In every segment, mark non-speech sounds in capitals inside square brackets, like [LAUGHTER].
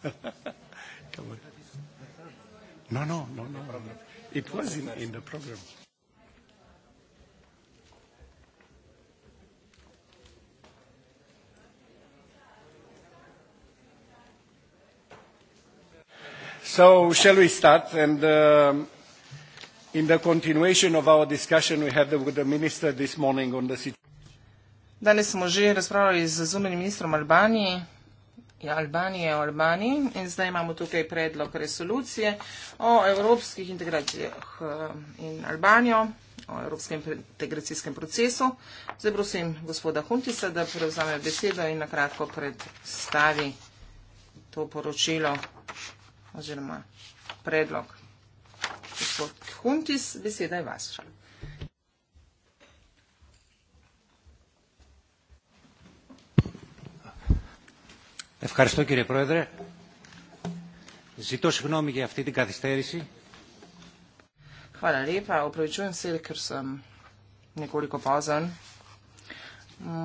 [LAUGHS] Come on. No, no, no, no, no. It was in, in the program. So, shall we start? And um, in the continuation of our discussion we had with the minister this morning on the situation. Danes smo že razpravljali z zunanjim ministrom Albanije Ja, Albanije o Albaniji in zdaj imamo tukaj predlog resolucije o evropskih integracijah eh, in Albanijo, o evropskem integracijskem procesu. Zdaj prosim gospoda Huntisa, da prevzame besedo in nakratko predstavi to poročilo oziroma predlog. Gospod Huntis, beseda je vaša. Ευχαριστώ κύριε Πρόεδρε. Ζητώ συγγνώμη για αυτή την καθυστέρηση. Hvala lepa. Opravičujem se, ker sem nekoliko pozan.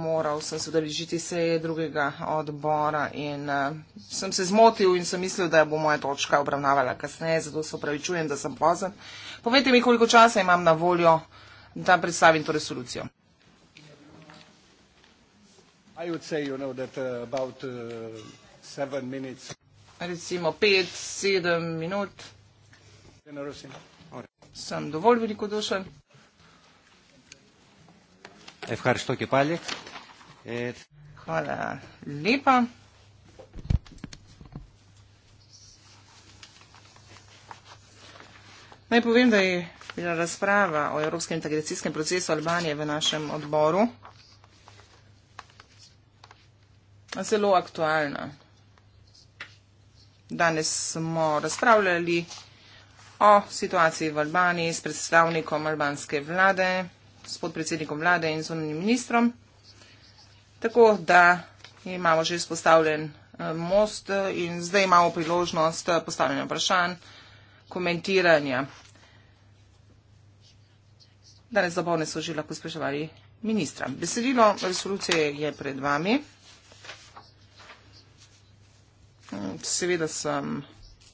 Moral sem se udeležiti seje drugega odbora in uh, sem se zmotil in sem mislil, da bo moja točka obravnavala kasneje, zato se opravičujem, da sem pozan. Povejte mi, koliko časa imam na voljo, da predstavim to resolucijo. I would say, you know, that uh, about uh, seven minutes. Recimo pet, sedem minut. Sem dovolj velikodušen. E, Hvala lepa. Naj povem, da je bila razprava o evropskem integracijskem procesu Albanije v našem odboru zelo aktualna. Danes smo razpravljali o situaciji v Albaniji s predstavnikom albanske vlade, s podpredsednikom vlade in zunanim ministrom. Tako da imamo že izpostavljen eh, most eh, in zdaj imamo priložnost eh, postavljanja vprašanj, komentiranja. Danes dopolne so že lahko spraševali ministra. Besedilo resolucije je pred vami. Seveda sem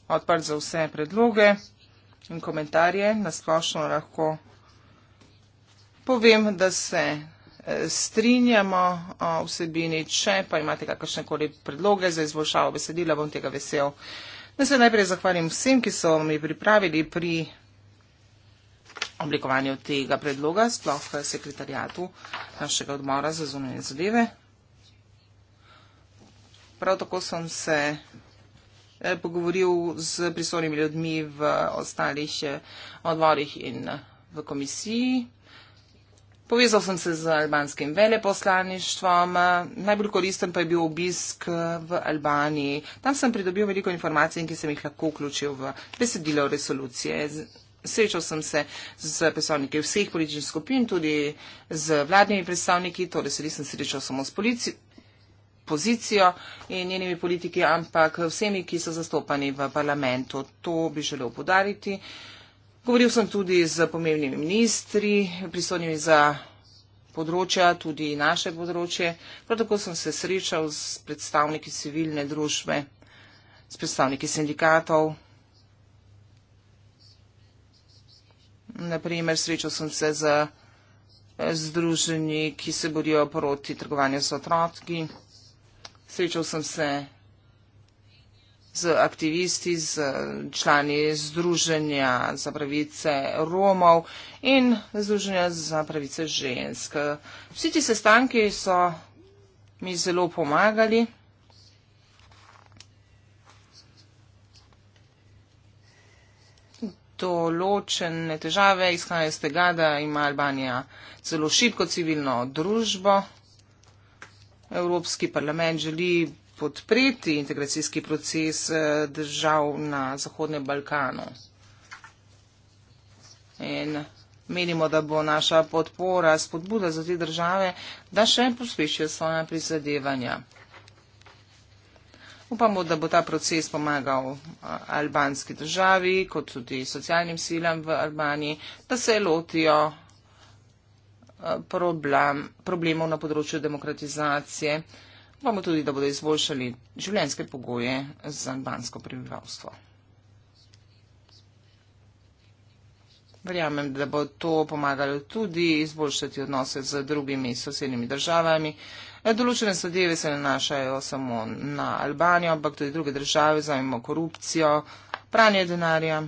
odprt za vse predloge in komentarje. Nasplošno lahko povem, da se e, strinjamo o vsebini. Če pa imate kakršne koli predloge za izboljšavo besedila, bom tega vesel. Da se najprej zahvalim vsem, ki so mi pripravili pri oblikovanju tega predloga, sploh sekretarijatu našega odmora za zunanje zadeve. Prav tako sem se eh, pogovoril z prisornimi ljudmi v ostalih eh, odvorih in v komisiji. Povezal sem se z albanskim veleposlaništvom, najbolj koristen pa je bil obisk eh, v Albaniji. Tam sem pridobil veliko informacij in ki sem jih lahko vključil v besedilo resolucije. Srečal sem se z predstavniki vseh političnih skupin, tudi z vladnimi predstavniki, torej se nisem srečal samo s policijo opozicijo in njenimi politiki, ampak vsemi, ki so zastopani v parlamentu. To bi želel podariti. Govoril sem tudi z pomembnimi ministri, pristojnimi za področja, tudi naše področje. Prav tako sem se srečal s predstavniki civilne družbe, s predstavniki sindikatov. Naprimer, srečal sem se z združenji, ki se borijo proti trgovanju z otroki. Srečal sem se z aktivisti, z člani Združenja za pravice Romov in Združenja za pravice žensk. Vsi ti sestanki so mi zelo pomagali. Določene težave izhajajo iz tega, da ima Albanija zelo šibko civilno družbo. Evropski parlament želi podpreti integracijski proces eh, držav na Zahodnem Balkanu. In menimo, da bo naša podpora spodbuda za te države, da še pospešijo svoje prizadevanja. Upamo, da bo ta proces pomagal eh, albanski državi, kot tudi socialnim silam v Albaniji, da se lotijo problem, problemov na področju demokratizacije. Vamo tudi, da bodo izboljšali življenjske pogoje za dansko prebivalstvo. Verjamem, da bo to pomagalo tudi izboljšati odnose z drugimi sosednjimi državami. Določene zadeve se nanašajo samo na Albanijo, ampak tudi druge države, zajmo korupcijo, pranje denarja.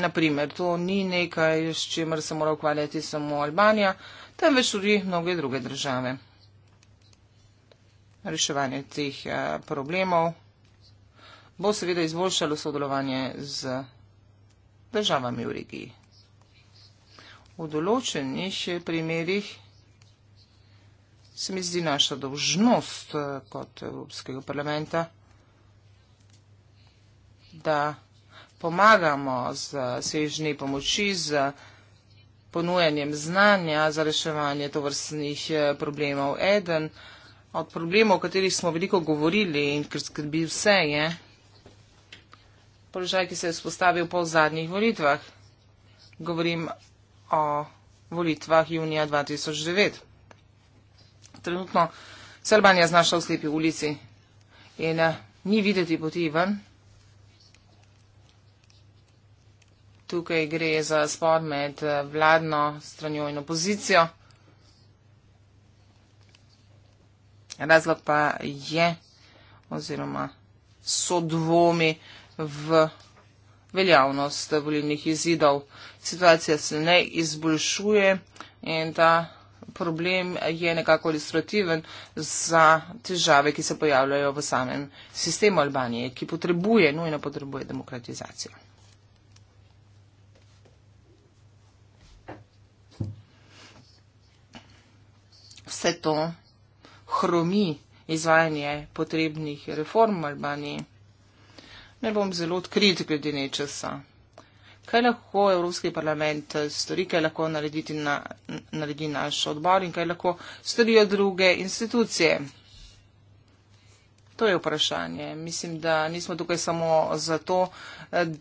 Naprimer, to ni nekaj, s čimer se mora ukvarjati samo Albanija, temveč tudi mnoge druge države. Reševanje teh eh, problemov bo seveda izboljšalo sodelovanje z državami v regiji. V določenih eh, primerjih se mi zdi naša dolžnost eh, kot Evropskega parlamenta, da pomagamo z svežnji pomoči, z ponujanjem znanja za reševanje tovrstnih eh, problemov. Eden od problemov, o katerih smo veliko govorili in ker skrbi vse, je položaj, ki se je spostavil po zadnjih volitvah. Govorim o volitvah junija 2009. Trenutno se Albanija znašla v slepi ulici in eh, ni videti poti ven. tukaj gre za spor med eh, vladno stranjo in opozicijo. Razlog pa je oziroma so dvomi v veljavnost volilnih izidov. Situacija se ne izboljšuje in ta problem je nekako ilustrativen za težave, ki se pojavljajo v samem sistemu Albanije, ki potrebuje, nujno potrebuje demokratizacijo. vse to hromi izvajanje potrebnih reform v Albaniji. Ne bom zelo odkrit glede nečesa. Kaj lahko Evropski parlament stori, kaj lahko na, naredi naš odbor in kaj lahko storijo druge institucije? To je vprašanje. Mislim, da nismo tukaj samo zato,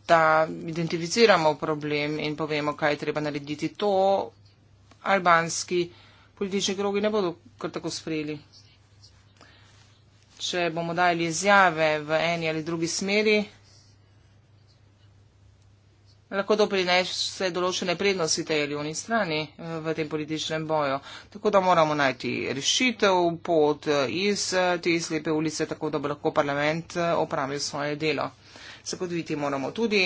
da identificiramo problem in povemo, kaj je treba narediti. To albanski politični krogi ne bodo kar tako sprejeli. Če bomo dajali izjave v eni ali drugi smeri, lahko to prinese določene prednosti tej ali oni strani eh, v tem političnem boju. Tako da moramo najti rešitev, pot eh, iz eh, te slepe ulice, tako da bo lahko parlament opravil svoje delo. Zagotoviti moramo tudi,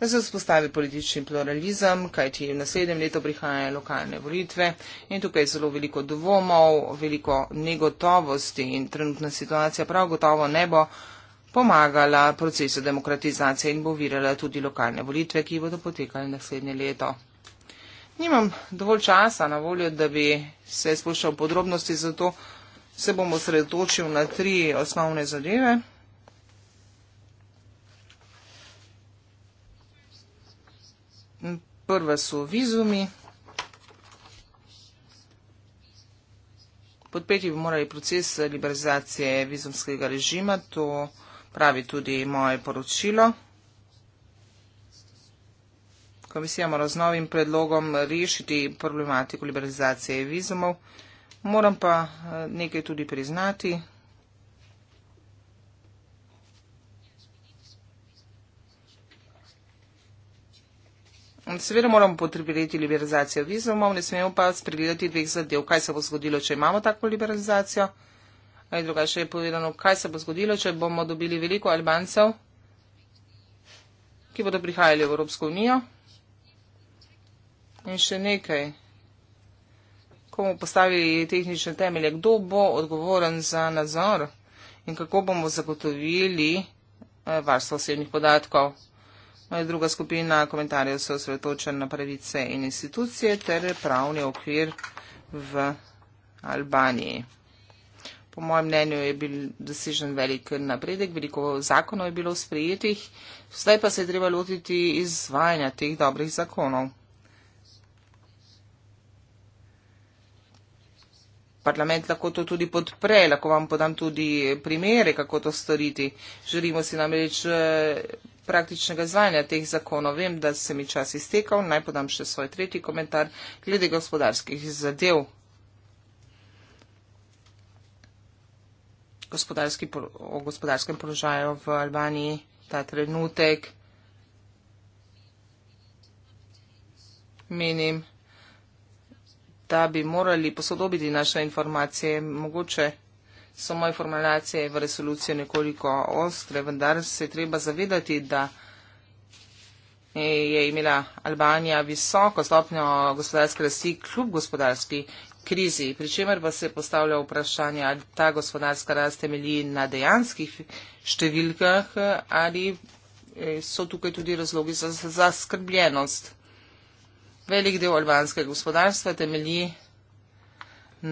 da se vzpostavi politični pluralizem, kajti v naslednjem letu prihajajo lokalne volitve in tukaj je zelo veliko dvomov, veliko negotovosti in trenutna situacija prav gotovo ne bo pomagala procesu demokratizacije in bo virala tudi lokalne volitve, ki bodo potekali naslednje leto. Nimam dovolj časa na voljo, da bi se spuščal podrobnosti, zato se bom osredotočil na tri osnovne zadeve. Prva so vizumi. Podpeti bi morali proces liberalizacije vizumskega režima, to pravi tudi moje poročilo. Komisija mora z novim predlogom rešiti problematiko liberalizacije vizumov. Moram pa eh, nekaj tudi priznati, Seveda moramo potrebiti liberalizacijo vizumov, ne smemo pa spregledati dveh zadev. Kaj se bo zgodilo, če imamo tako liberalizacijo? Ali drugače je povedano, kaj se bo zgodilo, če bomo dobili veliko Albancev, ki bodo prihajali v Evropsko unijo? In še nekaj. Ko bomo postavili tehnične temelje, kdo bo odgovoren za nadzor in kako bomo zagotovili eh, varstvo osebnih podatkov? Druga skupina komentarjev se osredotoča na pravice in institucije ter pravni okvir v Albaniji. Po mojem mnenju je bil dosežen velik napredek, veliko zakonov je bilo sprejetih, zdaj pa se je treba lotiti izvajanja teh dobrih zakonov. Parlament lahko to tudi podpre, lahko vam podam tudi primere, kako to storiti. Želimo si namreč eh, praktičnega izvajanja teh zakonov. Vem, da se mi čas iztekal. Naj podam še svoj tretji komentar glede gospodarskih zadev. Gospodarski, o gospodarskem položaju v Albaniji ta trenutek. Menim, da bi morali posodobiti naše informacije, mogoče so moje formulacije v resoluciji nekoliko ostre, vendar se je treba zavedati, da je imela Albanija visoko stopnjo gospodarske rasti kljub gospodarski krizi, pri čemer pa se postavlja vprašanje, ali ta gospodarska rast temelji na dejanskih številkah ali eh, so tukaj tudi razlogi za zaskrbljenost. Velik del albanskega gospodarstva temelji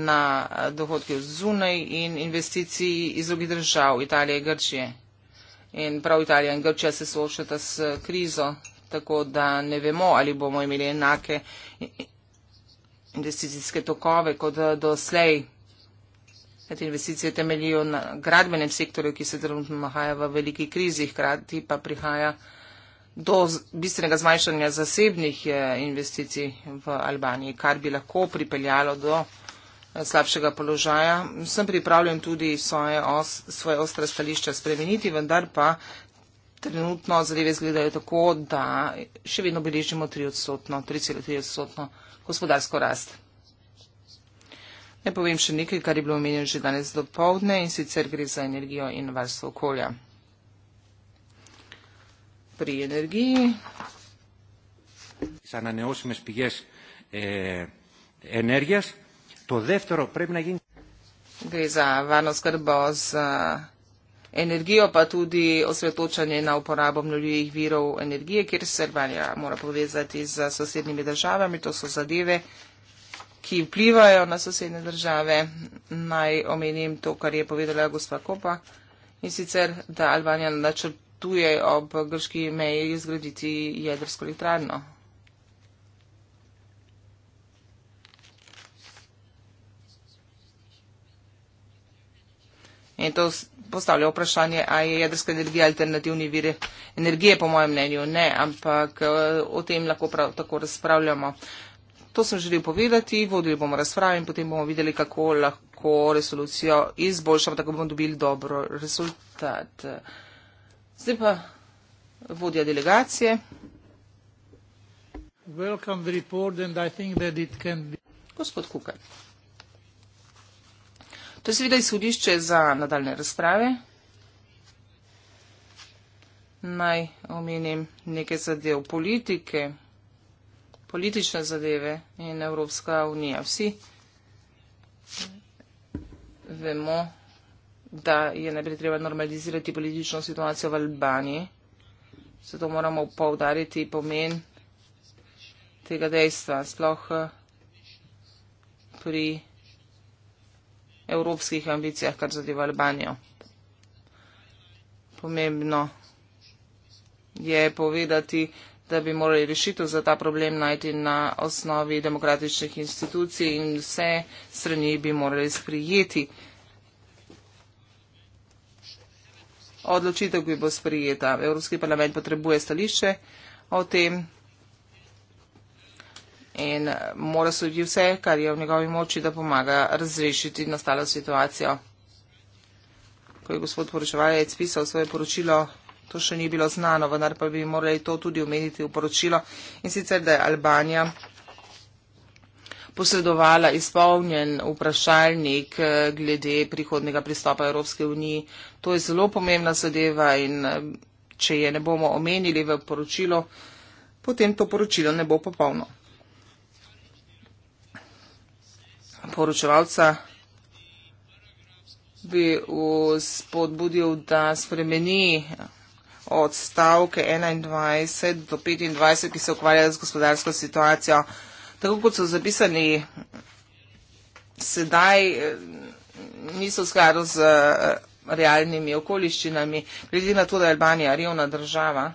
na eh, dohodke zunaj in investiciji iz drugih držav, Italije in Grčije. In prav Italija in Grčija se soočata s krizo, tako da ne vemo, ali bomo imeli enake investicijske tokove kot eh, doslej. Te investicije temeljijo na gradbenem sektorju, ki se trenutno nahaja v veliki krizi, hkrati pa prihaja do bistvenega zmanjšanja zasebnih eh, investicij v Albaniji, kar bi lahko pripeljalo do slabšega položaja. Sem pripravljen tudi svoje, os, svoje ostre stališča spremeniti, vendar pa trenutno zadeve izgledajo tako, da še vedno beležimo 3,3-odstotno gospodarsko rast. Ne povem še nekaj, kar je bilo omenjeno že danes do povdne in sicer gre za energijo in varstvo okolja. Pri energiji. Sana ne osmes pigez eh, energijas. Gre za varno skrbo z eh, energijo, pa tudi osvetočanje na uporabo mnoljivih virov energije, kjer se Srbija mora povezati z sosednjimi državami. To so zadeve, ki vplivajo na sosednje države. Naj omenim to, kar je povedala gospa Kopa. In sicer, da Albanija načrtuje ob grški meji zgraditi jedrsko elektrarno. In to postavlja vprašanje, a je jedrska energija alternativni vire energije, po mojem mnenju ne, ampak eh, o tem lahko prav tako razpravljamo. To sem želel povedati, vodili bomo razprave in potem bomo videli, kako lahko resolucijo izboljšamo, tako bomo dobili dobro rezultat. Zdaj pa vodja delegacije. Gospod Kukaj. To je seveda izhodišče za nadaljne razprave. Naj omenim neke zadev politike, politične zadeve in Evropska unija. Vsi vemo, da je najprej treba normalizirati politično situacijo v Albaniji. Zato moramo povdariti pomen tega dejstva, sploh pri evropskih ambicijah, kar zadeva Albanijo. Pomembno je povedati, da bi morali rešitev za ta problem najti na osnovi demokratičnih institucij in vse strani bi morali sprijeti. Odločitev bi bo sprijeta. Evropski parlament potrebuje stališče o tem in eh, mora sodi vse, kar je v njegovi moči, da pomaga razrešiti nastalo situacijo. Ko je gospod poročevalec pisal svoje poročilo, to še ni bilo znano, vendar pa bi morali to tudi omeniti v poročilo. In sicer, da je Albanija posredovala izpolnjen vprašalnik eh, glede prihodnega pristopa Evropske unije. To je zelo pomembna zadeva in eh, če je ne bomo omenili v poročilo, potem to poročilo ne bo popolno. poročevalca bi spodbudil, da spremeni odstavke 21 do 25, ki se ukvarjajo z gospodarsko situacijo. Tako kot so zapisani sedaj, eh, niso skladu z eh, realnimi okoliščinami, glede na to, da je Albanija revna država.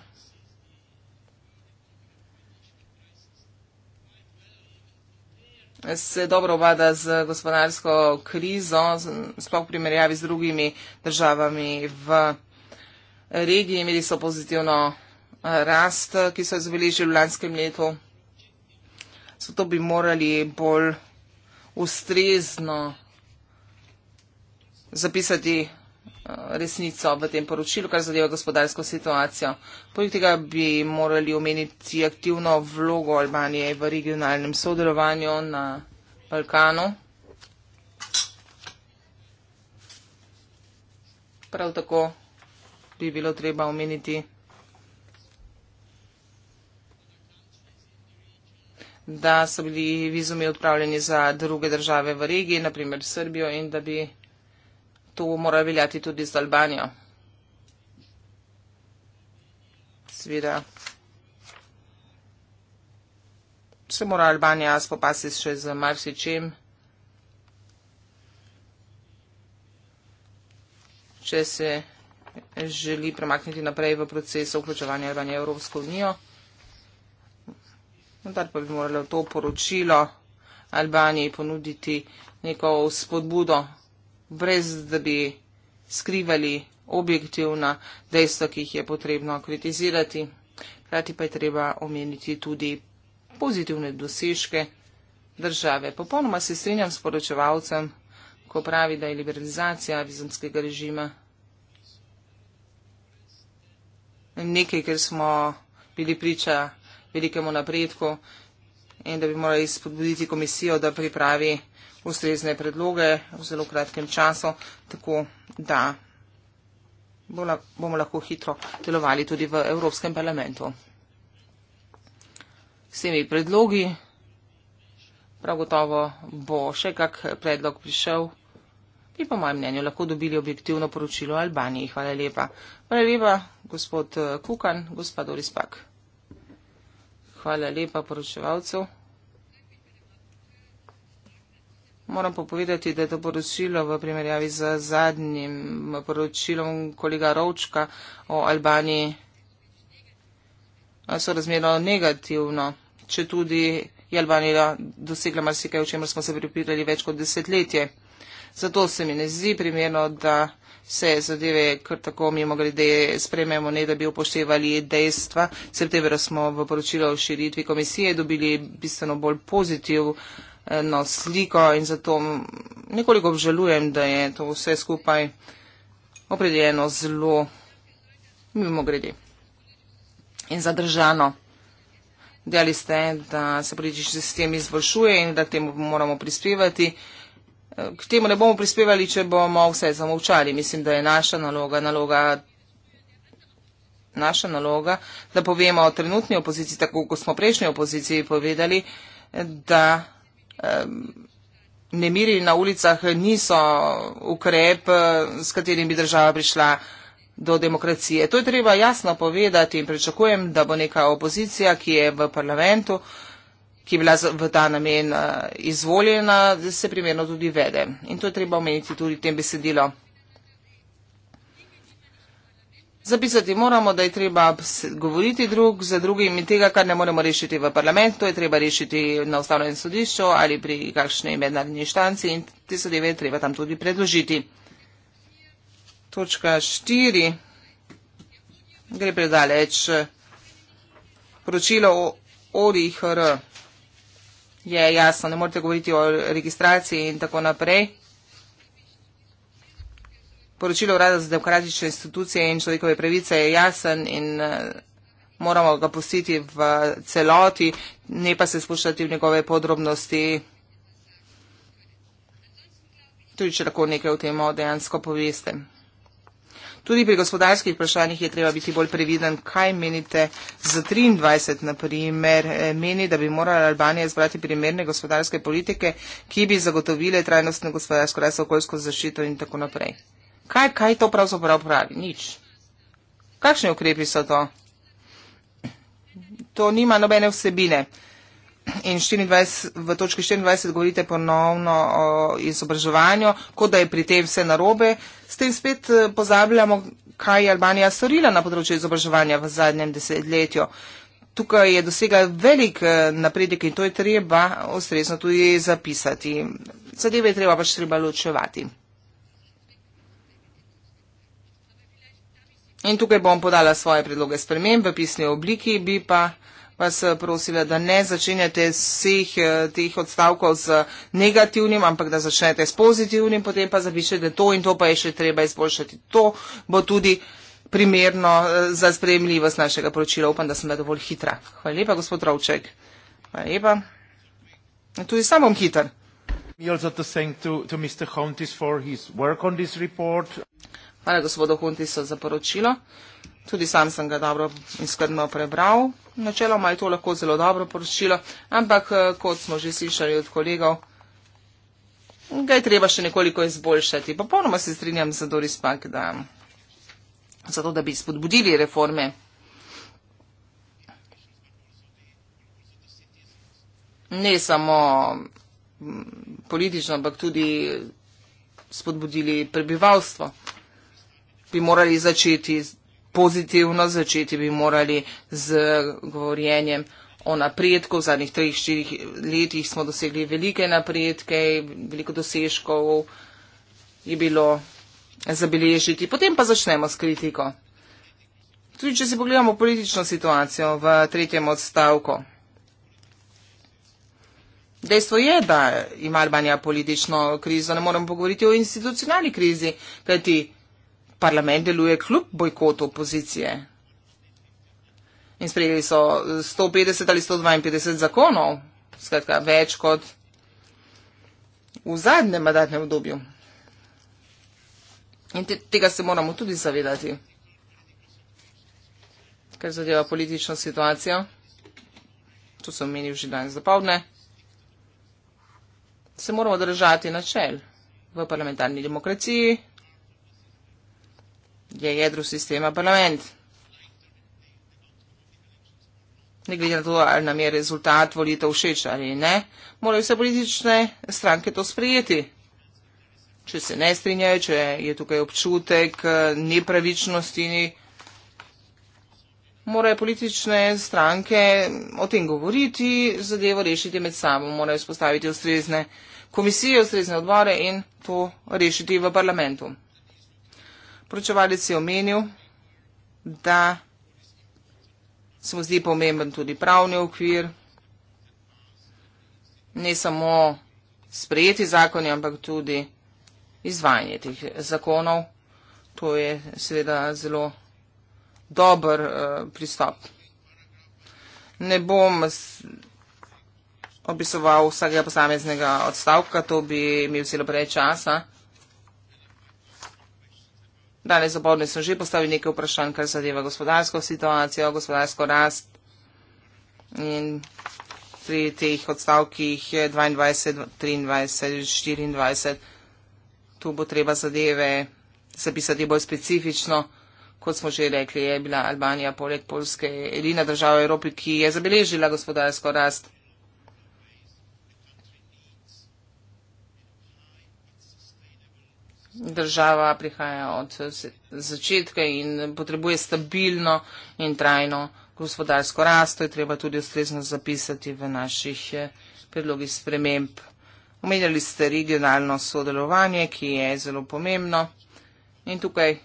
se dobro obada z gospodarsko krizo, sploh v primerjavi z drugimi državami v regiji. Imeli so pozitivno eh, rast, ki so jo zabeležili v lanskem letu. Zato bi morali bolj ustrezno zapisati Eh, resnico v tem poročilu, kar zadeva gospodarsko situacijo. Poleg tega bi morali omeniti aktivno vlogo Albanije v regionalnem sodelovanju na Balkanu. Prav tako bi bilo treba omeniti, da so bili vizumi odpravljeni za druge države v regiji, naprimer Srbijo, in da bi to mora veljati tudi za Albanijo. Seveda se mora Albanija spopasti še z marsičem. Če se želi premakniti naprej v proces vključevanja Albanije v Evropsko unijo, vendar pa bi moralo to poročilo Albaniji ponuditi neko spodbudo brez da bi skrivali objektivna dejstva, ki jih je potrebno kritizirati. Hrati pa je treba omeniti tudi pozitivne dosežke države. Popolnoma se strinjam s poročevalcem, ko pravi, da je liberalizacija vizumskega režima nekaj, ker smo bili priča velikemu napredku in da bi morali spodbuditi komisijo, da pripravi ustrezne predloge v zelo kratkem času, tako da bomo lahko hitro delovali tudi v Evropskem parlamentu. S temi predlogi prav gotovo bo še kak predlog prišel, ki po mojem mnenju lahko dobili objektivno poročilo Albaniji. Hvala lepa. Hvala lepa, gospod eh, Kukan, gospod Orispak. Hvala lepa poročevalcev. Moram pa povedati, da je to poročilo v primerjavi z zadnjim poročilom kolega Rovčka o Albaniji so razmerno negativno, če tudi je Albanija dosegla marsikaj, o čemer smo se pripirali več kot desetletje. Zato se mi ne zdi primerno, da se zadeve kar tako mimo grede sprememo, ne da bi upoštevali dejstva. Septembra smo v poročilo o širitvi komisije dobili bistveno bolj pozitiv eno sliko in zato nekoliko obžalujem, da je to vse skupaj opredeljeno zelo mimo grede in zadržano. Dejali ste, da se politični sistem izboljšuje in da k temu moramo prispevati. K temu ne bomo prispevali, če bomo vse zamovčali. Mislim, da je naša naloga, naloga, naša naloga, da povemo o trenutni opoziciji, tako kot smo prejšnji opoziciji povedali, da nemiri na ulicah niso ukrep, s katerim bi država prišla do demokracije. To je treba jasno povedati in pričakujem, da bo neka opozicija, ki je v parlamentu, ki je bila v ta namen eh, izvoljena, da se primerno tudi vede. In to je treba omeniti tudi v tem besedilu. Zapisati moramo, da je treba govoriti drug za drugim in tega, kar ne moremo rešiti v parlamentu, je treba rešiti na ustavnem sodišču ali pri kakšni mednarodni štanci in te zadeve je treba tam tudi predložiti. Točka štiri gre predaleč. Poročilo o ORIHR je jasno, ne morete govoriti o registraciji in tako naprej. Poročilo Urada za demokratične institucije in človekove pravice je jasen in eh, moramo ga pustiti v celoti, ne pa se spuščati v njegove podrobnosti. Tudi, če lahko nekaj o tem dejansko poveste. Tudi pri gospodarskih vprašanjih je treba biti bolj previden, kaj menite za 23, naprimer, eh, meni, da bi morala Albanija izbrati primerne gospodarske politike, ki bi zagotovile trajnostno gospodarsko rast, okoljsko zaščito in tako naprej. Kaj, kaj to pravzaprav pravi? Nič. Kakšni ukrepi so to? To nima nobene vsebine. In 24, v točki 24 govorite ponovno o izobraževanju, kot da je pri tem vse narobe. S tem spet eh, pozabljamo, kaj je Albanija storila na področju izobraževanja v zadnjem desetletju. Tukaj je dosega velik eh, napredek in to je treba ustrezno tudi zapisati. Zadeve je treba pač treba ločevati. In tukaj bom podala svoje predloge spremem v pisni obliki, bi pa vas eh, prosila, da ne začenjate vseh eh, teh odstavkov z negativnim, ampak da začnete s pozitivnim, potem pa zapišete to in to pa je še treba izboljšati. To bo tudi primerno eh, za spremljivost našega poročila. Upam, da sem da dovolj hitra. Hvala lepa, gospod Ravček. Hvala lepa. Ja, tudi sam bom hiter. Hvala gospodu Huntisu za poročilo. Tudi sam sem ga dobro in skrbno prebral. Načeloma je to lahko zelo dobro poročilo, ampak eh, kot smo že slišali od kolegov, ga je treba še nekoliko izboljšati. Popolnoma se strinjam z Doris Pak, da zato, da bi spodbudili reforme. Ne samo politično, ampak tudi spodbudili prebivalstvo bi morali začeti pozitivno, začeti bi morali z govorjenjem o napredku. V zadnjih 3-4 letih smo dosegli velike napredke, veliko dosežkov je bilo zabeležiti. Potem pa začnemo s kritiko. Tudi, če si pogledamo politično situacijo v tretjem odstavku. Dejstvo je, da ima Albanija politično krizo, ne moram pogovoriti o institucionalni krizi, kajti parlament deluje kljub bojkotu opozicije. In sprejeli so 150 ali 152 zakonov, skratka več kot v zadnjem mandatnem obdobju. In te, tega se moramo tudi zavedati, ker zadeva politično situacijo. To sem omenil že danes zapovdne. Se moramo držati načel v parlamentarni demokraciji, je jedro sistema parlament. Ne glede na to, ali nam je rezultat volitev všeč ali ne, morajo vse politične stranke to sprejeti. Če se ne strinjajo, če je tukaj občutek nepravičnosti, morajo politične stranke o tem govoriti, zadevo rešiti med sabo, morajo spostaviti ustrezne komisije, ustrezne odbore in to rešiti v parlamentu. Poročevalec je omenil, da se mu zdi pomemben tudi pravni okvir, ne samo sprejeti zakoni, ampak tudi izvajanje teh zakonov. To je seveda zelo dober uh, pristop. Ne bom opisoval vsakega posameznega odstavka, to bi imel celo preveč časa. Danes zapodne sem že postavil nekaj vprašanj, kar zadeva gospodarsko situacijo, gospodarsko rast in pri teh odstavkih 22, 23, 24, tu bo treba zadeve zapisati bolj specifično. Kot smo že rekli, je bila Albanija poleg Polske edina država v Evropi, ki je zabeležila gospodarsko rast. država prihaja od začetka in potrebuje stabilno in trajno gospodarsko rast. To je treba tudi ustrezno zapisati v naših eh, predlogih sprememb. Omenjali ste regionalno sodelovanje, ki je zelo pomembno in tukaj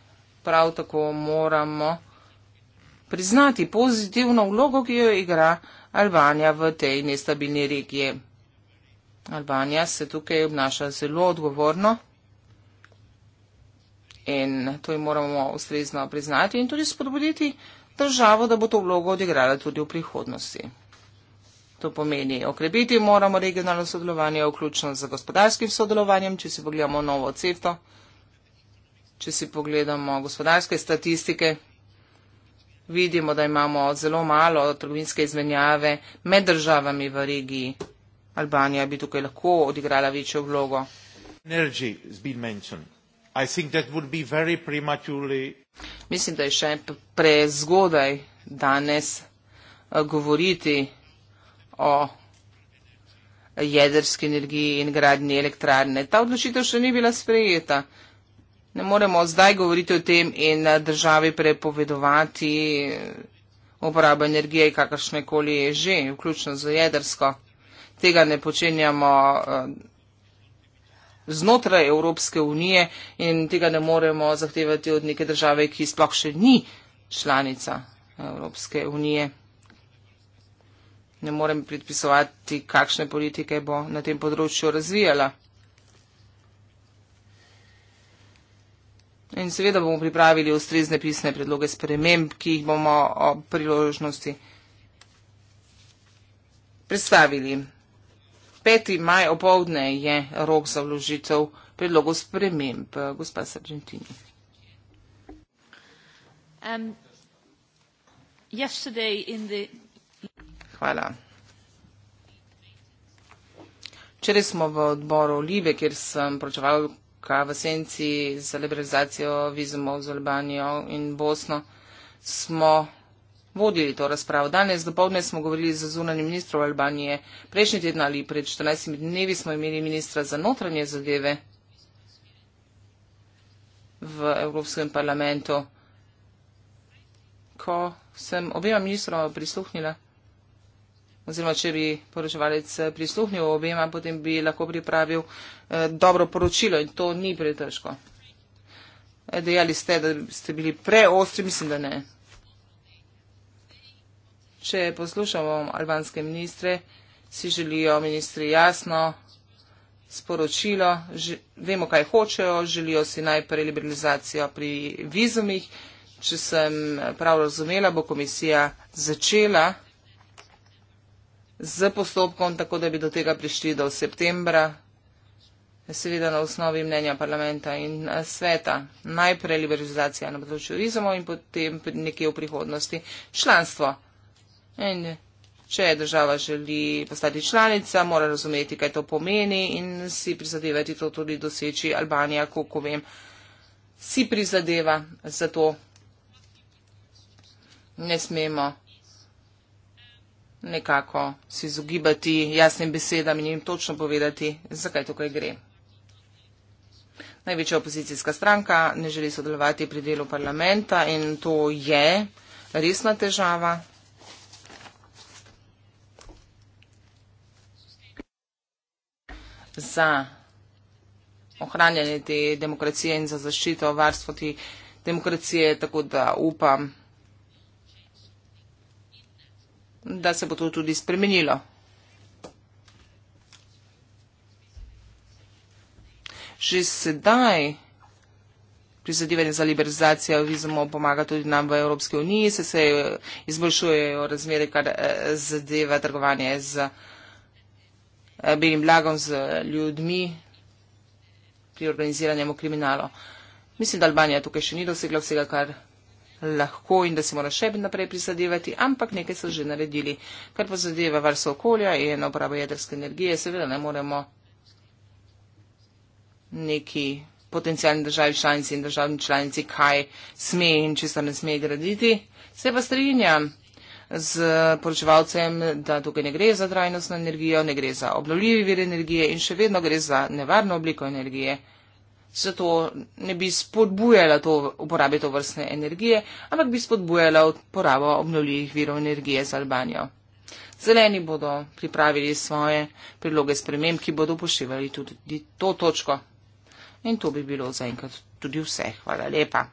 prav tako moramo priznati pozitivno vlogo, ki jo igra Albanija v tej nestabilni regiji. Albanija se tukaj obnaša zelo odgovorno in to jim moramo ustrezno priznati in tudi spodbuditi državo, da bo to vlogo odigrala tudi v prihodnosti. To pomeni, okrepiti moramo regionalno sodelovanje, vključno z gospodarskim sodelovanjem, če si pogledamo novo cefto, če si pogledamo gospodarske statistike, vidimo, da imamo zelo malo trgovinske izmenjave med državami v regiji. Albanija bi tukaj lahko odigrala večjo vlogo. Energy has been mentioned. I think that would be very prematurely. Mislim, da je še prezgodaj danes eh, govoriti o jedrski energiji in gradni elektrarne. Ta odločitev še ni bila sprejeta. Ne moremo zdaj govoriti o tem in eh, državi prepovedovati eh, uporabo energije, kakršne koli je že, vključno z jedrsko. Tega ne počenjamo. Uh, znotraj Evropske unije in tega ne moremo zahtevati od neke države, ki sploh še ni članica Evropske unije. Ne morem predpisovati, kakšne politike bo na tem področju razvijala. In seveda bomo pripravili ustrezne pisne predloge sprememb, ki jih bomo o priložnosti predstavili. 5. maj opovdne je rok za vložitev predlogov sprememb. Gospa Sargentini. Um, the... Hvala. Včeraj smo v odboru Libe, kjer sem pročeval v senci za liberalizacijo vizumov z Albanijo in Bosno, smo vodili to razpravo. Danes dopoledne smo govorili z zunanjim ministrom Albanije. Prejšnji teden ali pred 14 dnevi smo imeli ministra za notranje zadeve v Evropskem parlamentu. Ko sem obema ministroma prisluhnila, oziroma če bi poročevalec prisluhnil obema, potem bi lahko pripravil eh, dobro poročilo in to ni pretežko. Eh, dejali ste, da ste bili preostri, mislim, da ne. Če poslušamo albanske ministre, si želijo ministri jasno sporočilo, že, vemo, kaj hočejo, želijo si najprej liberalizacijo pri vizumih. Če sem prav razumela, bo komisija začela z postopkom, tako da bi do tega prišli do septembra, seveda na osnovi mnenja parlamenta in eh, sveta. Najprej liberalizacija na področju vizumov in potem nekje v prihodnosti članstvo. In če država želi postati članica, mora razumeti, kaj to pomeni in si prizadevati to tudi doseči. Albanija, koliko vem, si prizadeva za to. Ne smemo nekako si izogibati jasnim besedam in jim točno povedati, zakaj tukaj gre. Največja opozicijska stranka ne želi sodelovati pri delu parlamenta in to je resna težava. za ohranjanje te demokracije in za zaščito varstvo te demokracije, tako da upam, da se bo to tudi spremenilo. Že sedaj prizadevanje za liberalizacijo vizumov pomaga tudi nam v Evropski uniji, se se izboljšujejo razmere, kar eh, zadeva trgovanje z. Eh, belim blagom, z ljudmi, pri organiziranjem kriminalo. Mislim, da Albanija tukaj še ni dosegla vsega, kar lahko in da se mora še naprej prisadevati, ampak nekaj so že naredili. Kar pa zadeva varstvo okolja in uporabo jedrske energije, seveda ne moremo neki potencijalni državi članici in državni članici, kaj sme in čisto ne sme graditi. Se pa strinjam z poročevalcem, da tukaj ne gre za trajnostno energijo, ne gre za obnovljivi vir energije in še vedno gre za nevarno obliko energije. Zato ne bi spodbujala to uporabe to vrstne energije, ampak bi spodbujala uporabo obnovljivih virov energije za Albanijo. Zeleni bodo pripravili svoje predloge sprememb, ki bodo upoštevali tudi to točko. In to bi bilo zaenkrat tudi vse. Hvala lepa.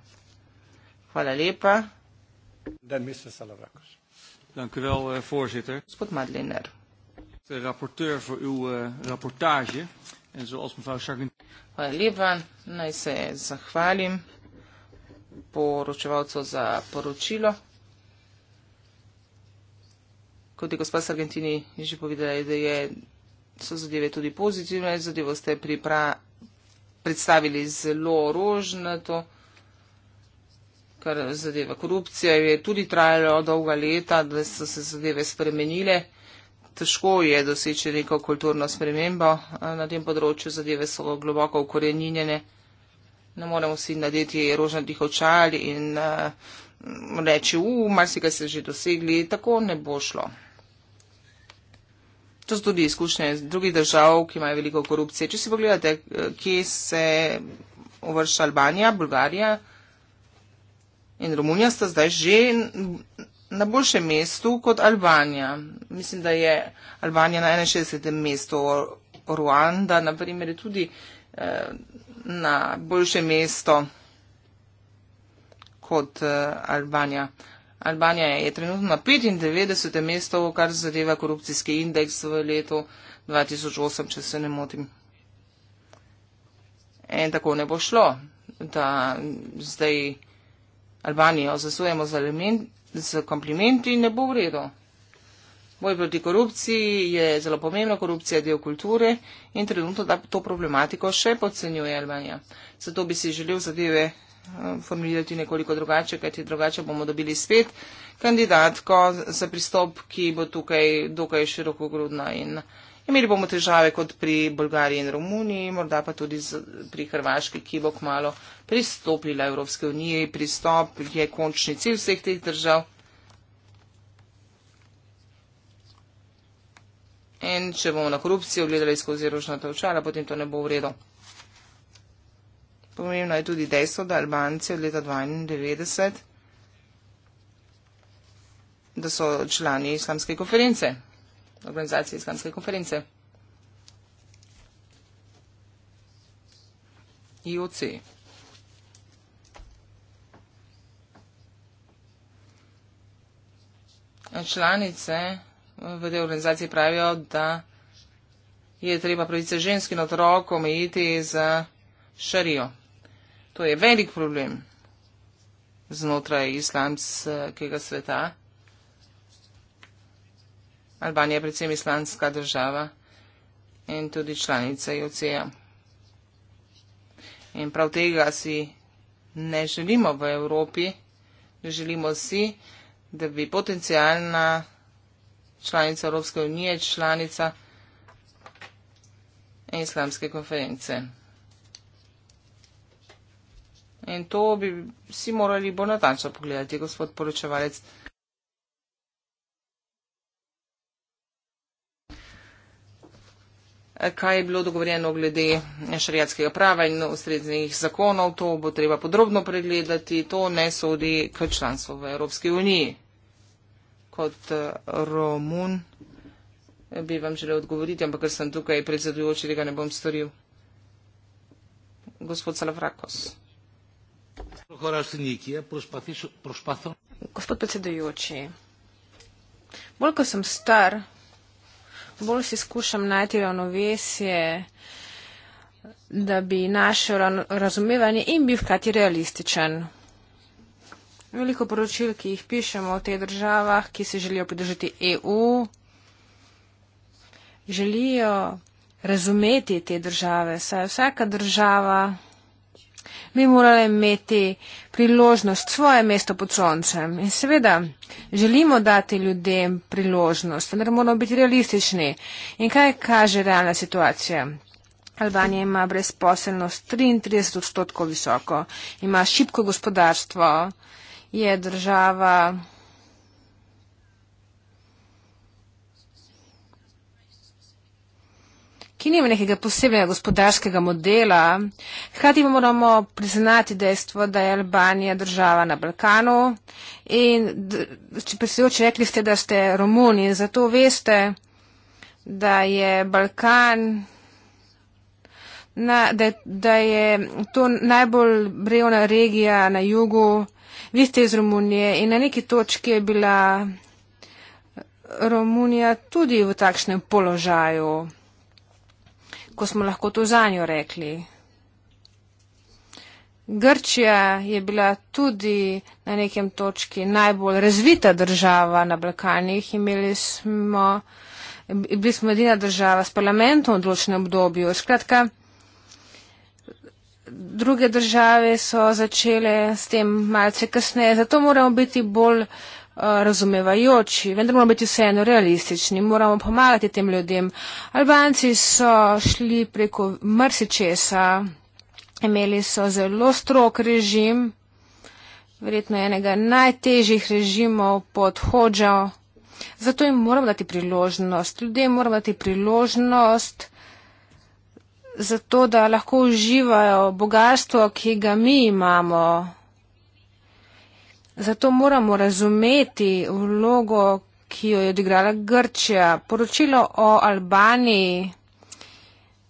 Hvala lepa. Dan misli Salavrakoš. Dank u wel, eh, voorzitter. Madliner. De rapporteur voor uw uh, rapportage. En zoals mevrouw Sargentini. poročevalcu za poročilo. Kot je gospod Sargentini že povedala, da je, so zadeve tudi pozitivne, zadevo ste pripra, predstavili zelo rožnato kar zadeva korupcija, je tudi trajalo dolga leta, da so se zadeve spremenile. Težko je doseči neko kulturno spremembo na tem področju, zadeve so globoko ukorenjene. Ne moremo si nadeti rožnatih očal in uh, reči, v, marsikaj se že dosegli, tako ne bo šlo. To so tudi izkušnje iz drugih držav, ki imajo veliko korupcije. Če si pogledate, kje se uvršča Albanija, Bulgarija, in Romunija sta zdaj že na boljšem mestu kot Albanija. Mislim, da je Albanija na 61. mestu, Ruanda naprimer je tudi eh, na boljše mesto kot eh, Albanija. Albanija je trenutno na 95. mesto, kar zadeva korupcijski indeks v letu 2008, če se ne motim. In tako ne bo šlo, da zdaj. Albanijo zasujemo z, z komplimenti, ne bo v redu. Boj proti korupciji je zelo pomembno, korupcija je del kulture in trenutno to problematiko še podcenjuje Albanija. Zato bi si želel zadeve eh, formulirati nekoliko drugače, kajti drugače bomo dobili svet kandidatko za pristop, ki bo tukaj dokaj širokogrudna in. Imeli bomo težave kot pri Bolgariji in Romuniji, morda pa tudi z, pri Hrvaški, ki bo kmalo pristopila Evropske unije. Pristop je končni cilj vseh teh držav. In če bomo na korupcijo gledali skozi rožna točala, potem to ne bo v redu. Pomembno je tudi dejstvo, da Albanci od leta 1992, da so člani islamske konference. Organizacije islamske konference. IOC. Članice v tej organizaciji pravijo, da je treba pravice ženskim otrokom omejiti z šarijo. To je velik problem znotraj islamskega sveta. Albanija je predvsem islamska država in tudi članica JOC-a. In prav tega si ne želimo v Evropi, želimo si, da bi potencijalna članica Evropske unije, članica islamske konference. In to bi si morali bolj natančno pogledati, gospod poročevalec. kaj je bilo dogovorjeno glede šariatskega prava in ustreznih zakonov. To bo treba podrobno pregledati. To ne sodi k članstvu v Evropski uniji. Kot eh, Romun eh, bi vam želel odgovoriti, ampak ker sem tukaj predsedujoči, tega ne bom storil. Gospod Salafrakos. Gospod predsedujoči, bolj ko sem star, bolj si skušam najti ravnovesje, da bi našel razumevanje in bi hkrati realističen. Veliko poročil, ki jih pišemo o teh državah, ki se želijo pridružiti EU, želijo razumeti te države, saj vsaka država Bi morali imeti priložnost, svoje mesto pod soncem. In seveda želimo dati ljudem priložnost, vendar moramo biti realistični. In kaj kaže realna situacija? Albanija ima brezposelnost 33 odstotkov visoko, ima šipko gospodarstvo, je država ki nima nekega posebnega gospodarskega modela. Hkrati moramo priznati dejstvo, da je Albanija država na Balkanu in, če predsedujoče, rekli ste, da ste Romuni in zato veste, da je Balkan. Na, da, da je to najbolj brevna regija na jugu, vi ste iz Romunije in na neki točki je bila Romunija tudi v takšnem položaju ko smo lahko to za njo rekli. Grčija je bila tudi na nekem točki najbolj razvita država na Balkanih. Imeli smo, bili smo edina država s parlamentom v odločnem obdobju. Skratka, druge države so začele s tem malce kasneje, zato moramo biti bolj uh, Eh, razumevajoči, vendar moramo biti vseeno realistični, moramo pomagati tem ljudem. Albanci so šli preko mrsičesa, imeli so zelo strok režim, verjetno enega najtežjih režimov pod hođo. Zato jim moramo dati priložnost, ljudem moramo dati priložnost, zato da lahko uživajo bogatstvo, ki ga mi imamo. Zato moramo razumeti vlogo, ki jo je odigrala Grčija. Poročilo o Albaniji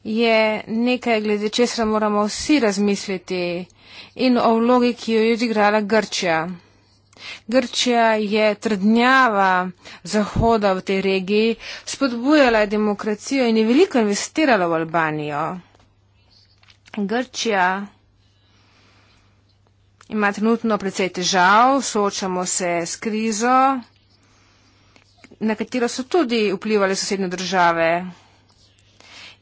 je nekaj, glede česar moramo vsi razmisliti in o vlogi, ki jo je odigrala Grčija. Grčija je trdnjava Zahoda v tej regiji, spodbujala je demokracijo in je veliko investirala v Albanijo. Grčija ima trenutno precej težav, soočamo se s krizo, na katero so tudi vplivali sosednje države.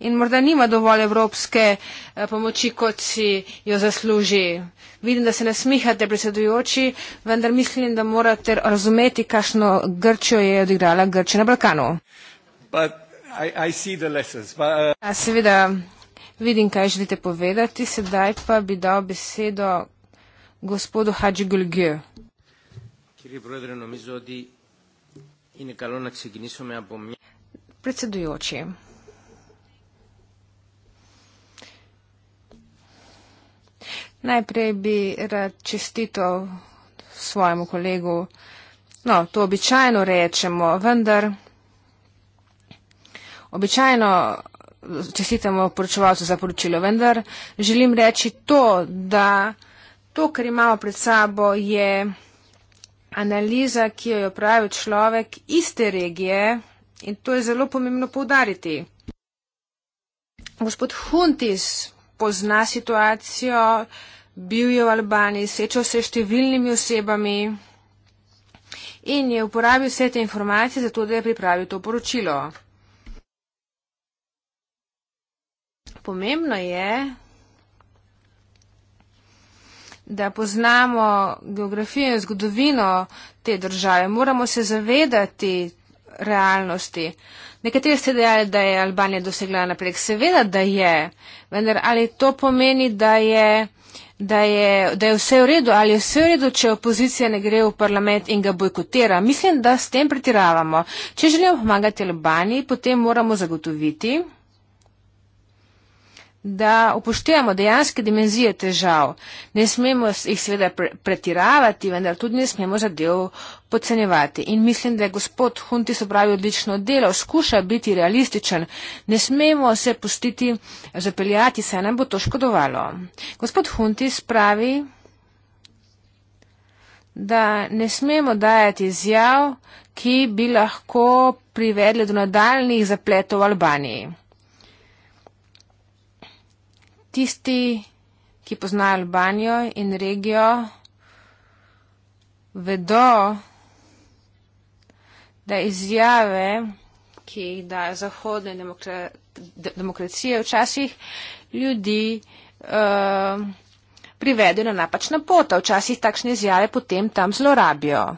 In morda nima dovolj evropske eh, pomoči, kot si jo zasluži. Vidim, da se ne smihate, predsedujoči, vendar mislim, da morate razumeti, kakšno Grčijo je odigrala Grčija na Balkanu. I, I lessons, but, uh... Seveda vidim, kaj želite povedati, sedaj pa bi dal besedo gospodu Hadži Gulgiju. No, Predsedujoči. Najprej bi rad čestitev svojemu kolegu. No, to običajno rečemo, vendar običajno čestitemo poročevalcu za poročilo, vendar želim reči to, da To, kar imamo pred sabo, je analiza, ki jo je pravil človek iste regije in to je zelo pomembno poudariti. Gospod Huntis pozna situacijo, bil je v Albaniji, srečal se je številnimi osebami in je uporabil vse te informacije za to, da je pripravil to poročilo. Pomembno je, da poznamo geografijo in zgodovino te države. Moramo se zavedati realnosti. Nekateri ste dejali, da je Albanija dosegla napredek. Seveda, da je. Vendar ali to pomeni, da je, da, je, da je vse v redu? Ali je vse v redu, če opozicija ne gre v parlament in ga bojkotira? Mislim, da s tem pretiravamo. Če želimo pomagati Albaniji, potem moramo zagotoviti da upoštevamo dejanske dimenzije težav. Ne smemo jih seveda pretiravati, vendar tudi ne smemo zadev podcenjevati. In mislim, da je gospod Huntis opravil odlično delo, skuša biti realističen. Ne smemo se pustiti zapeljati, saj nam bo to škodovalo. Gospod Huntis pravi, da ne smemo dajati izjav, ki bi lahko privedle do nadaljnih zapletov v Albaniji tisti, ki poznajo Albanijo in regijo, vedo, da izjave, ki jih dajo zahodne demokra de demokracije, včasih ljudi uh, privedejo na napačna pota. Včasih takšne izjave potem tam zlorabijo.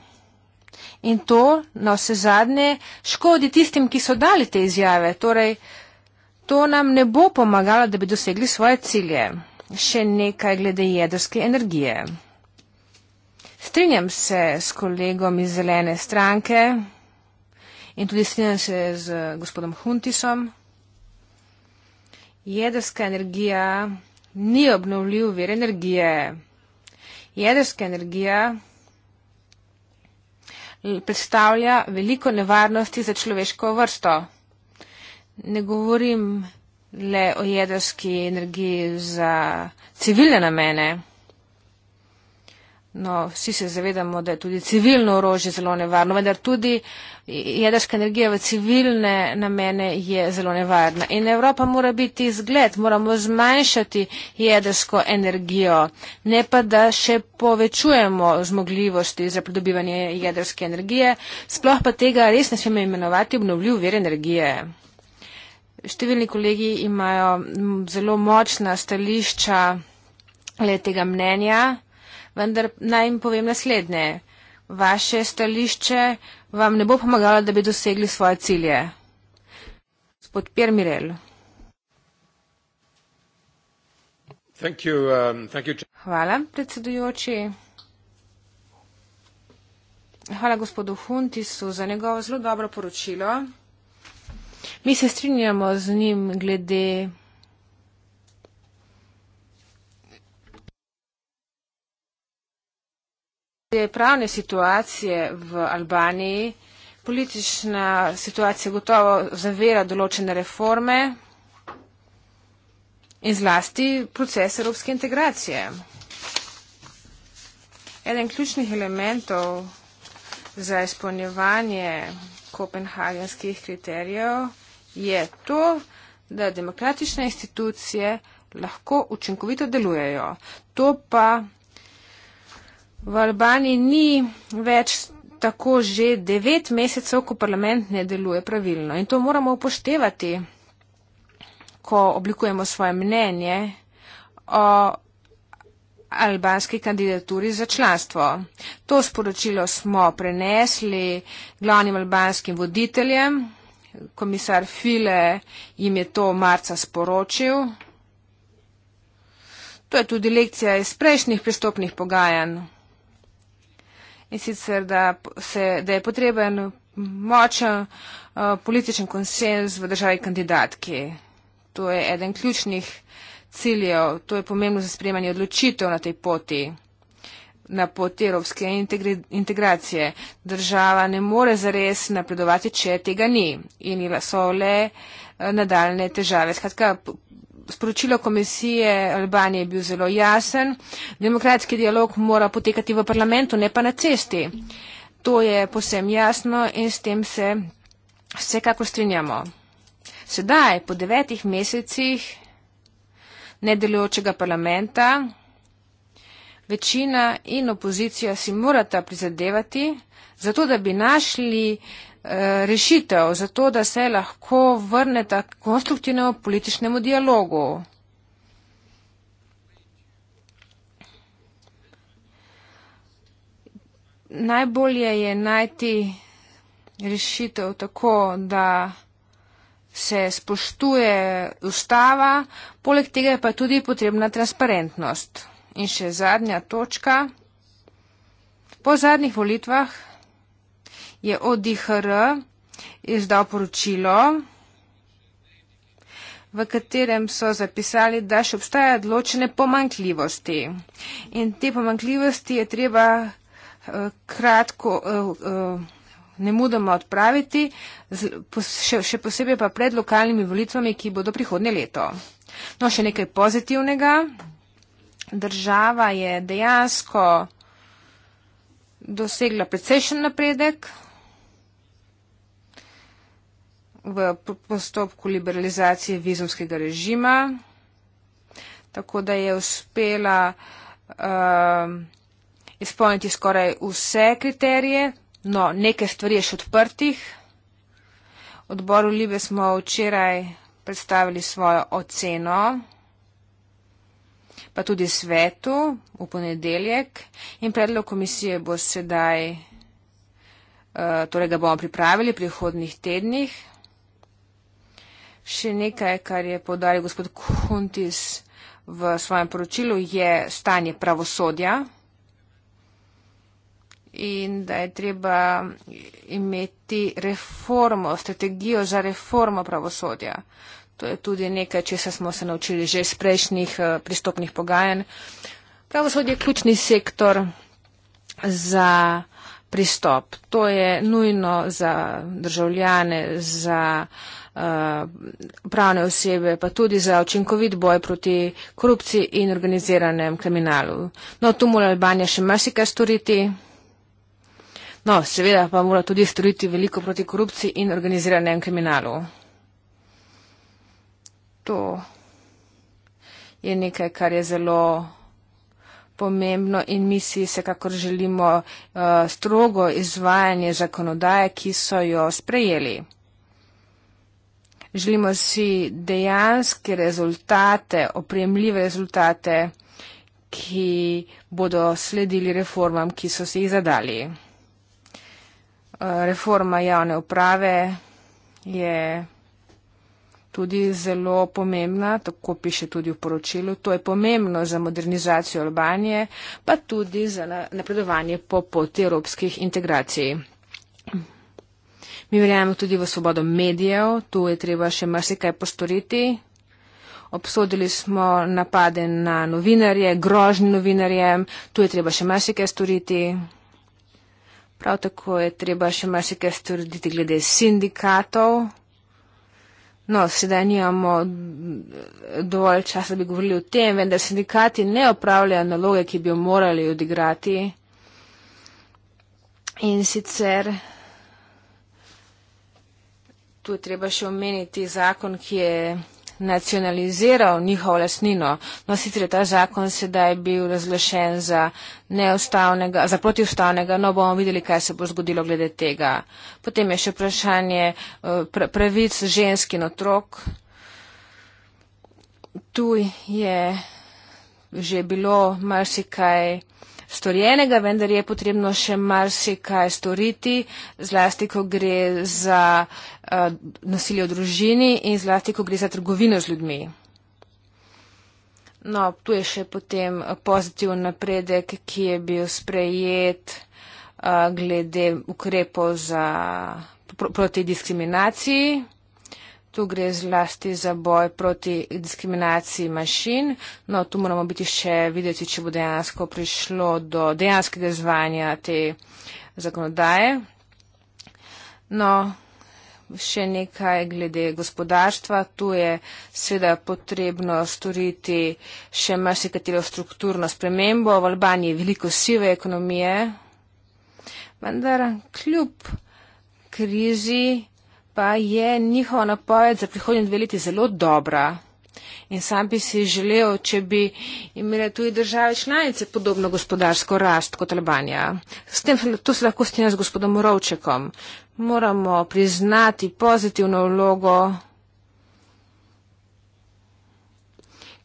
In to na vse zadnje škodi tistim, ki so dali te izjave. Torej, uh, To nam ne bo pomagalo, da bi dosegli svoje cilje. Še nekaj glede jedrske energije. Strinjam se s kolegom iz zelene stranke in tudi strinjam se z gospodom Huntisom. Jedrska energija ni obnovljiv vir energije. Jedrska energija predstavlja veliko nevarnosti za človeško vrsto ne govorim le o jedrski energiji za civilne namene. No, vsi se zavedamo, da je tudi civilno orožje zelo nevarno, vendar tudi jedrska energija v civilne namene je zelo nevarna. In Evropa mora biti zgled, moramo zmanjšati jedrsko energijo, ne pa da še povečujemo zmogljivosti za pridobivanje jedrske energije, sploh pa tega res ne smemo imenovati obnovljiv vir energije. Številni kolegi imajo zelo močna stališča le tega mnenja, vendar naj jim povem naslednje. Vaše stališče vam ne bo pomagalo, da bi dosegli svoje cilje. Spod Pier Mirel. Thank you, um, thank you. Hvala, predsedujoči. Hvala gospodu Huntisu za njegovo zelo dobro poročilo. Mi se strinjamo z njim glede. Glede pravne situacije v Albaniji, politična situacija gotovo zavira določene reforme in zlasti proces evropske integracije. Eden ključnih elementov za izpolnjevanje kopenhagenskih kriterijev je to, da demokratične institucije lahko učinkovito delujejo. To pa v Albaniji ni več tako že devet mesecev, ko parlament ne deluje pravilno. In to moramo upoštevati, ko oblikujemo svoje mnenje o albanski kandidaturi za članstvo. To sporočilo smo prenesli glavnim albanskim voditeljem komisar File jim je to marca sporočil. To je tudi lekcija iz prejšnjih pristopnih pogajanj. In sicer, da, se, da je potreben močen uh, političen konsens v državi kandidatki. To je eden ključnih ciljev, to je pomembno za sprejemanje odločitev na tej poti na poti evropske integracije. Država ne more zares napredovati, če tega ni. In so le eh, nadaljne težave. Skratka, sporočilo komisije Albanije je bil zelo jasen. Demokratski dialog mora potekati v parlamentu, ne pa na cesti. To je posem jasno in s tem se vsekako strinjamo. Sedaj, po devetih mesecih nedelujočega parlamenta, večina in opozicija si morata prizadevati, zato da bi našli eh, rešitev, zato da se lahko vrneta k konstruktivnemu političnemu dialogu. Najbolje je najti rešitev tako, da se spoštuje ustava, poleg tega je pa tudi potrebna transparentnost. In še zadnja točka. Po zadnjih volitvah je ODHR izdal poročilo, v katerem so zapisali, da še obstajajo odločene pomankljivosti. In te pomankljivosti je treba eh, kratko eh, eh, ne mudoma odpraviti, še posebej pa pred lokalnimi volitvami, ki bodo prihodne leto. No, še nekaj pozitivnega država je dejansko dosegla precejšen napredek v postopku liberalizacije vizumskega režima, tako da je uspela uh, izpolniti skoraj vse kriterije, no nekaj stvari je še odprtih. Odboru Libe smo včeraj predstavili svojo oceno pa tudi svetu v ponedeljek in predlog komisije bo sedaj, eh, torej ga bomo pripravili v prihodnih tednih. Še nekaj, kar je podaril gospod Kuntis v svojem poročilu, je stanje pravosodja in da je treba imeti reformo, strategijo za reformo pravosodja. To je tudi nekaj, če smo se naučili že iz prejšnjih eh, pristopnih pogajanj. Pravosodje je ključni sektor za pristop. To je nujno za državljane, za upravne eh, osebe, pa tudi za učinkovit boj proti korupciji in organiziranem kriminalu. No, tu mora Albanija še marsikaj storiti. No, seveda pa mora tudi storiti veliko proti korupciji in organiziranem kriminalu to je nekaj, kar je zelo pomembno in mi si vsekakor želimo uh, strogo izvajanje zakonodaje, ki so jo sprejeli. Želimo si dejanske rezultate, opremljive rezultate, ki bodo sledili reformam, ki so se jih zadali. Eh, reforma javne uprave je tudi zelo pomembna, tako piše tudi v poročilu. To je pomembno za modernizacijo Albanije, pa tudi za napredovanje po poti evropskih integracij. Mi verjamemo tudi v svobodo medijev, tu je treba še marsikaj postoriti. Obsodili smo napade na novinarje, grožnje novinarjem, tu je treba še marsikaj storiti. Prav tako je treba še marsikaj storiti glede sindikatov. No, sedaj nimamo dovolj časa, da bi govorili o tem, vendar sindikati ne opravljajo naloge, ki bi jo morali odigrati. In sicer tu je treba še omeniti zakon, ki je nacionaliziral njihovo lasnino. No, sicer je ta zakon sedaj bil razglašen za, za protivstavnega, no bomo videli, kaj se bo zgodilo glede tega. Potem je še vprašanje eh, pravic žensk in otrok. Tu je že bilo marsikaj storjenega, vendar je potrebno še marsikaj storiti, zlasti, ko gre za uh, nasilje v družini in zlasti, ko gre za trgovino z ljudmi. No, tu je še potem pozitiv napredek, ki je bil sprejet uh, glede ukrepov za, pro, proti diskriminaciji. Tu gre zlasti za boj proti diskriminaciji mašin, no tu moramo biti še videti, če bo dejansko prišlo do dejanskega izvanja te zakonodaje. No, še nekaj glede gospodarstva. Tu je seveda potrebno storiti še marsikatero strukturno spremembo. V Albaniji je veliko sive ekonomije, vendar kljub krizi pa je njihova napoved za prihodnje dve leti zelo dobra. In sam bi si želel, če bi imele tudi države članice podobno gospodarsko rast kot Albanija. S tem, to se lahko strinja z gospodom Rovčekom. Moramo priznati pozitivno vlogo,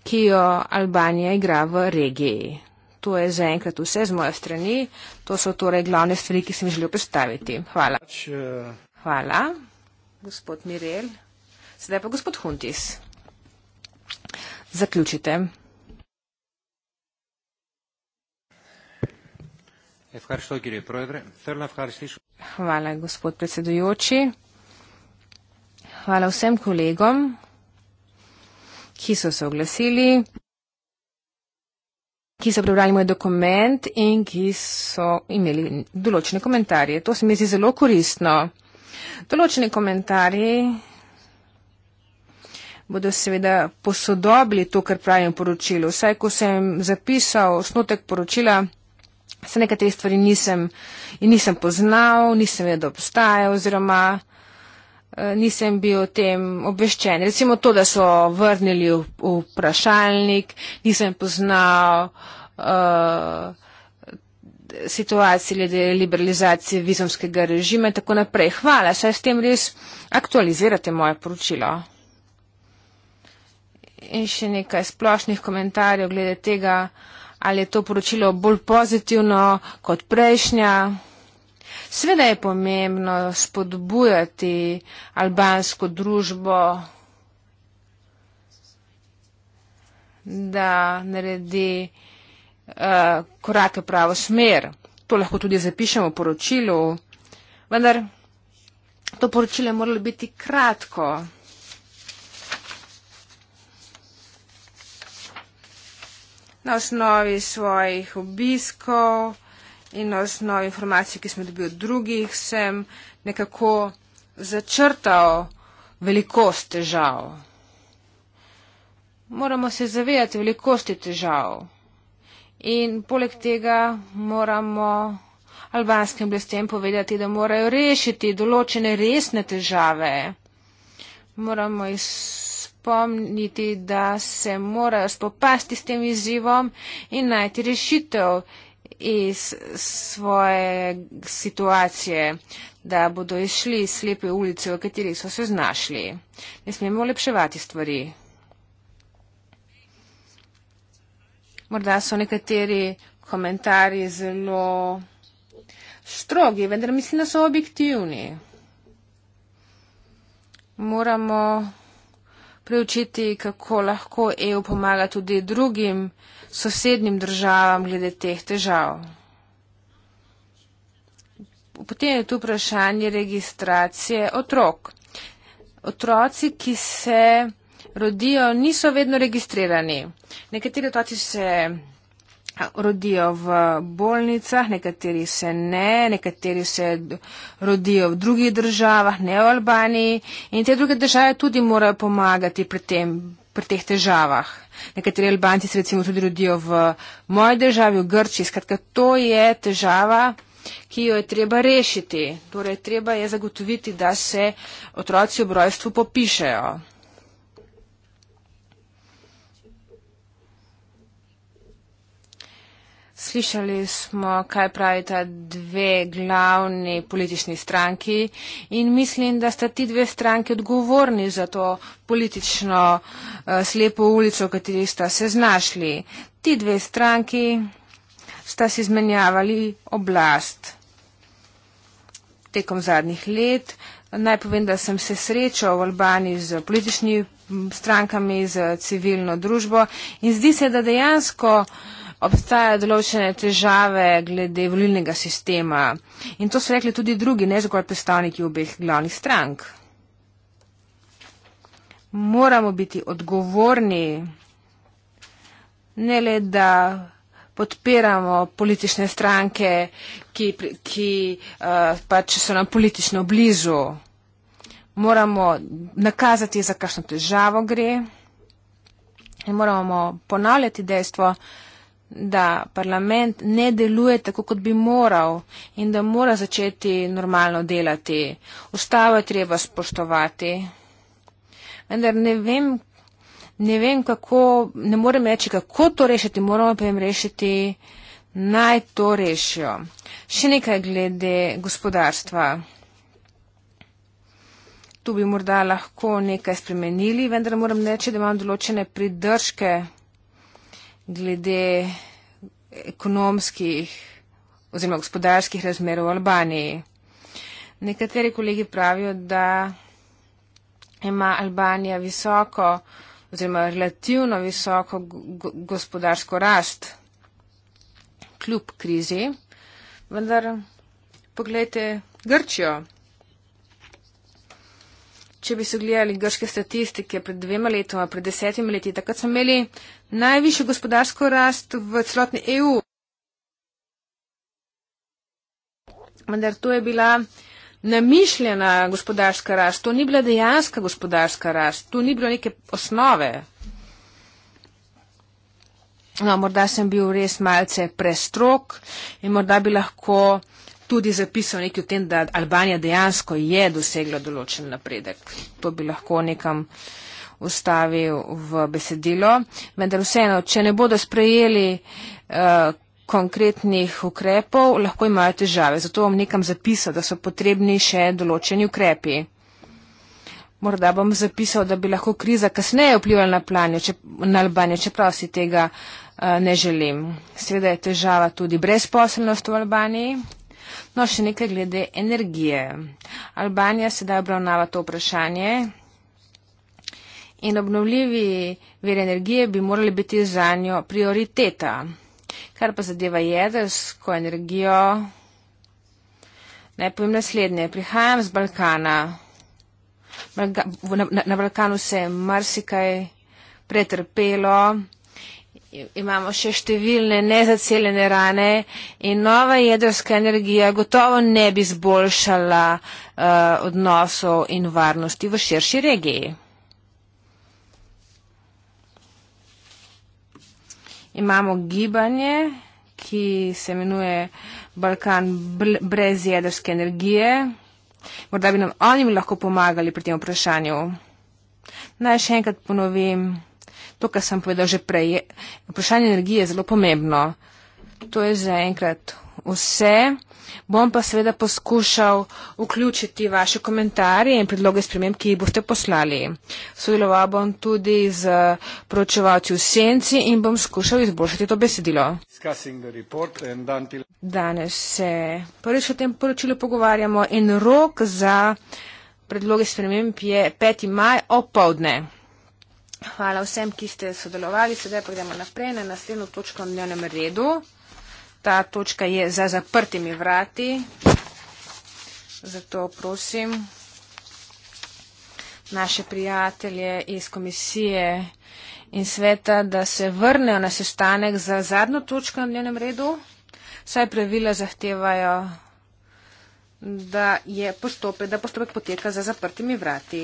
ki jo Albanija igra v regiji. To je zaenkrat vse z moje strani. To so torej glavne stvari, ki sem želel predstaviti. Hvala. Pač, eh, Hvala gospod Mirel. Sedaj pa gospod Huntis. Zaključite. Hvala, gospod predsedujoči. Hvala vsem kolegom, ki so se oglasili, ki so prebrali moj dokument in ki so imeli določene komentarje. To se mi zdi zelo koristno. Določeni komentarji bodo seveda posodobili to, kar pravim v poročilu. Vsaj, ko sem zapisal osnotek poročila, se nekateri stvari nisem in nisem poznal, nisem vedel, da obstaja oziroma eh, nisem bil o tem obveščen. Recimo to, da so vrnili v, v vprašalnik, nisem poznal. Uh, situacij glede liberalizacije vizumskega režima in tako naprej. Hvala, saj s tem res aktualizirate moje poročilo. In še nekaj splošnih komentarjev glede tega, ali je to poročilo bolj pozitivno kot prejšnja. Sveda je pomembno spodbujati albansko družbo, da naredi Eh, korake v pravo smer. To lahko tudi zapišemo v poročilu, vendar to poročilo je moralo biti kratko. Na osnovi svojih obiskov in na osnovi informacij, ki sem dobil od drugih, sem nekako začrtal velikost težav. Moramo se zavedati velikosti težav. In poleg tega moramo albanskim oblastem povedati, da morajo rešiti določene resne težave. Moramo izpomniti, da se morajo spopasti s tem izzivom in najti rešitev iz svoje situacije, da bodo izšli iz slepe ulice, v kateri so se znašli. Ne smemo lepševati stvari. morda so nekateri komentarji zelo strogi, vendar mislim, da so objektivni. Moramo preučiti, kako lahko EU pomaga tudi drugim sosednjim državam glede teh težav. Potem je tu vprašanje registracije otrok. Otroci, ki se rodijo, niso vedno registrirani. Nekateri otroci se rodijo v bolnicah, nekateri se ne, nekateri se rodijo v drugih državah, ne v Albaniji in te druge države tudi morajo pomagati pri tem pri teh težavah. Nekateri Albanci se recimo tudi rodijo v moji državi, v Grči. Skratka, to je težava, ki jo je treba rešiti. Torej, treba je zagotoviti, da se otroci v brojstvu popišajo. Slišali smo, kaj pravita dve glavni politični stranki in mislim, da sta ti dve stranki odgovorni za to politično uh, slepo ulico, v kateri sta se znašli. Ti dve stranki sta si izmenjavali oblast tekom zadnjih let. Naj povem, da sem se srečal v Albaniji z političnimi strankami, z civilno družbo in zdi se, da dejansko. Uh, obstajajo določene težave glede volilnega sistema in to so rekli tudi drugi, ne zgolj predstavniki obeh glavnih strank. Moramo biti odgovorni, ne le da podpiramo politične stranke, ki, ki uh, pač so nam politično blizu. Moramo nakazati, za kakšno težavo gre in moramo ponavljati dejstvo, da parlament ne deluje tako, kot bi moral in da mora začeti normalno delati. Ustavo je treba spoštovati. Vendar ne vem, ne vem kako, ne morem reči, kako to rešiti, moramo pa jim rešiti, naj to rešijo. Še nekaj glede gospodarstva. Tu bi morda lahko nekaj spremenili, vendar moram reči, da imam določene pridržke glede ekonomskih oziroma gospodarskih razmer v Albaniji. Nekateri kolegi pravijo, da ima Albanija visoko oziroma relativno visoko gospodarsko rast kljub krizi, vendar pogledajte Grčijo če bi se gledali grške statistike pred dvema letoma, pred desetimi leti, takrat smo imeli najvišjo gospodarsko rast v celotni EU. Vendar to je bila namišljena gospodarska rast, to ni bila dejanska gospodarska rast, to ni bilo neke osnove. No, morda sem bil res malce prestrok in morda bi lahko tudi zapisal nekaj o tem, da Albanija dejansko je dosegla določen napredek. To bi lahko nekam ustavil v besedilo. Vendar vseeno, če ne bodo sprejeli eh, konkretnih ukrepov, lahko imajo težave. Zato bom nekam zapisal, da so potrebni še določeni ukrepi. Morda bom zapisal, da bi lahko kriza kasneje vplivala na, planjo, če, na Albanijo, čeprav si tega uh, ne želim. Sveda je težava tudi brezposelnost v Albaniji, No, še nekaj glede energije. Albanija sedaj obravnava to vprašanje in obnovljivi veri energije bi morali biti za njo prioriteta. Kar pa zadeva jedrsko energijo, naj povem naslednje. Prihajam z Balkana. Na, na, na Balkanu se je marsikaj pretrpelo imamo še številne nezaceljene rane in nova jedrska energija gotovo ne bi zboljšala uh, odnosov in varnosti v širši regiji. Imamo gibanje, ki se imenuje Balkan brez jedrske energije. Morda bi nam oni lahko pomagali pri tem vprašanju. Naj še enkrat ponovim to, kar sem povedal že prej. Vprašanje energije je zelo pomembno. To je za enkrat vse. Bom pa seveda poskušal vključiti vaše komentarje in predloge sprememb, ki jih boste poslali. Sodeloval bom tudi z pročevalci v senci in bom skušal izboljšati to besedilo. Danes se prvič o tem poročilu pogovarjamo in rok za predloge sprememb je 5. maj opovdne. Hvala vsem, ki ste sodelovali. Sedaj pa gremo naprej na naslednjo točko na dnevnem redu. Ta točka je za zaprtimi vrati. Zato prosim naše prijatelje iz komisije in sveta, da se vrnejo na sestanek za zadnjo točko na dnevnem redu. Saj pravila zahtevajo, da, postope, da postopek poteka za zaprtimi vrati.